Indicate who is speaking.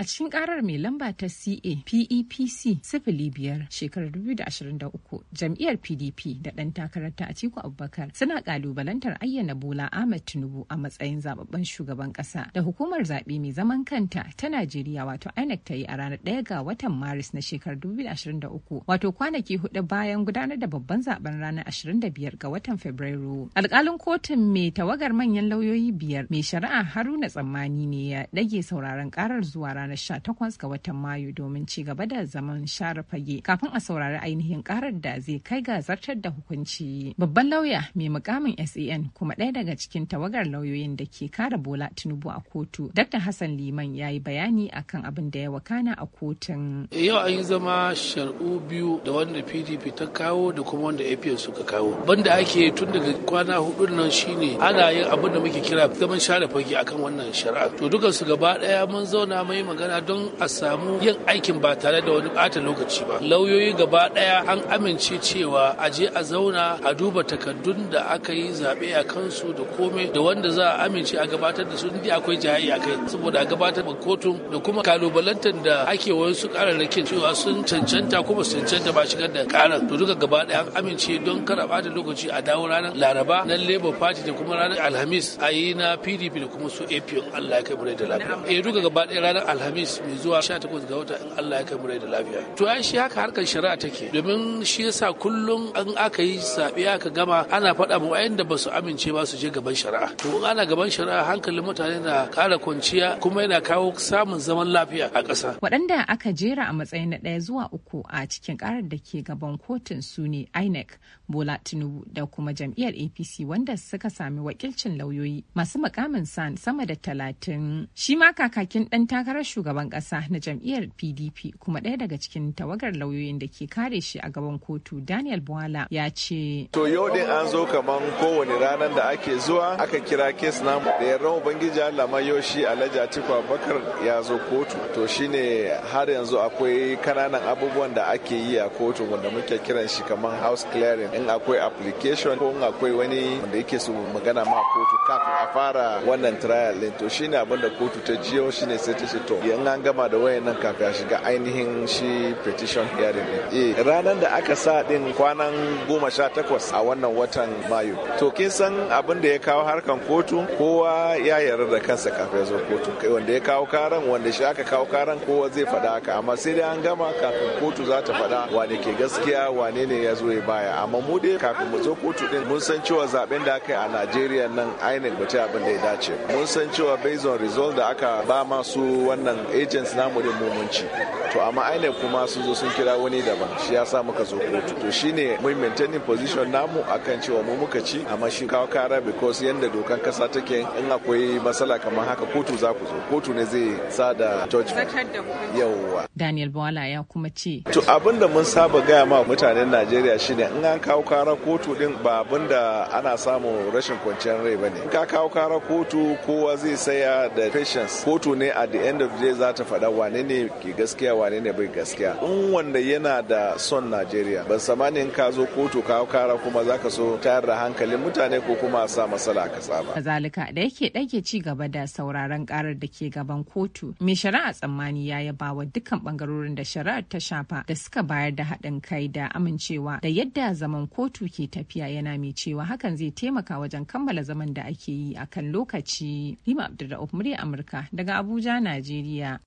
Speaker 1: A cikin karar mai lamba ta CA PEPC sifili biyar shekarar 2023 jam'iyyar PDP da ɗan takarar ta Atiku Abubakar suna ƙalubalantar ayyana Bola Ahmed Tinubu a matsayin zababben shugaban ƙasa da hukumar zaɓe mai zaman kanta ta Najeriya wato INEC ta yi a ranar 1 ga watan Maris na shekarar 2023 wato kwanaki hudu bayan gudanar da babban zaben ranar 25 ga watan Fabrairu. Alƙalin kotun mai tawagar manyan lauyoyi biyar mai shari'a Haruna Tsammani ne ya ɗage sauraron ƙarar zuwa ranar ranar 18 ga watan Mayu domin ci gaba da zaman share fage kafin a saurari ainihin karar da zai kai ga zartar da hukunci. Babban lauya mai mukamin SAN kuma ɗaya daga cikin tawagar lauyoyin da ke kare Bola Tinubu a kotu. Dr. Hassan Liman ya yi bayani akan abin da ya wakana a kotun.
Speaker 2: Yau an yi zama shar'u biyu da wanda PDP ta kawo da kuma wanda APN suka kawo. Banda ake tun daga kwana hudu nan shine ana yin abin da muke kira zaman share fage akan wannan shari'a. To dukansu gaba ɗaya mun zauna mai magana don a samu yin aikin ba tare da wani bata lokaci ba lauyoyi gaba daya an amince cewa a je a zauna a duba takardun da aka yi zaɓe a kansu da komai da wanda za a amince a gabatar da su ni akwai jihai a kai saboda a gabatar da kotun da kuma kalubalantar da ake wasu rakin cewa sun cancanta kuma su cancanta ba shigar da karar to duka gaba daya an amince don kar a bata lokaci a dawo ranar laraba na labour party da kuma ranar alhamis a yi na pdp da kuma su apn allah ya kai mu da lafiya eh duka gaba daya ranar alhamis alhamis mai zuwa 18 ga wata in Allah ya kai mu da lafiya to ai shi haka harkar shari'a take domin shi yasa kullum an aka yi sabe aka gama ana faɗa mu ayin da basu amince ba su je gaban shari'a to in ana gaban shari'a hankalin mutane na kara kwanciya kuma yana kawo samun zaman lafiya a ƙasa
Speaker 1: waɗanda aka jera a matsayin na ɗaya zuwa uku a cikin ƙarar da ke gaban kotun su ne INEC Bola Tinubu da kuma jam'iyyar APC wanda suka sami wakilcin lauyoyi masu mukamin san sama da talatin shi ma kakakin ɗan takarar shugaban kasa na jam'iyyar PDP kuma ɗaya daga cikin tawagar lauyoyin da ke kare shi a gaban kotu Daniel Bwala ya ce.
Speaker 3: To yau din an zo kaman kowane ranar da ake zuwa aka kira kes namu da rawa Ubangiji Allah ma yoshi Alhaji Atiku Abubakar ya zo kotu to shine har yanzu akwai kananan abubuwan da ake yi a kotu wanda muke kiran shi kaman house clearing in akwai application ko akwai wani wanda yake su magana ma kotu kafin a fara wannan trial din to shine abin da kotu ta jiyo shine sai ta ce to in an gama da wayan nan kafin a shiga ainihin shi petition hearing din eh ranar da aka sa din kwanan goma sha takwas a wannan watan mayu to kin san abin da ya kawo harkan kotu kowa ya yarda da kansa kafin ya zo kotu wanda ya kawo karan wanda shi aka kawo karan kowa zai faɗa haka amma sai dai an gama kafin kotu za ta faɗa wane ke gaskiya wane ne ya zo ya baya amma mu dai kafin mu zo kotu din mun san cewa zaben da aka yi a Najeriya nan ainihin ba ta abin da ya dace mun san cewa based on result da aka ba masu wannan wannan agents namu da mumunci to amma aine kuma sun zo sun kira wani daban shi ya sa muka zo kotu to shine mun maintaining position namu akan cewa mu muka ci amma shi kawo kara because yanda dokan kasa take in akwai matsala kamar haka kotu za ku zo kotu ne zai sa da judgment yawwa
Speaker 1: Daniel Bwala ya kuma ce
Speaker 3: to abin mun saba gaya ma mutanen Najeriya shine in an kawo kara kotu din ba abin ana samu rashin kwanciyar rai bane ka kawo kara kotu kowa zai saya da patience kotu ne at the end of je za ta faɗa wane ne ke gaskiya wane ne bai gaskiya in wanda yana da son najeriya ban samanin ka zo kotu kawo kara kuma zaka so tayar da hankalin mutane ko kuma sa matsala ka tsaba
Speaker 1: kazalika da yake ɗage ci gaba da sauraron karar da ke gaban kotu mai shari'a tsammani ya yaba wa dukkan bangarorin da shari'ar ta shafa da suka bayar da haɗin kai da amincewa da yadda zaman kotu ke tafiya yana mai cewa hakan zai taimaka wajen kammala zaman da ake yi akan lokaci lima abdulrahman murya amurka daga abuja najeriya Yeah.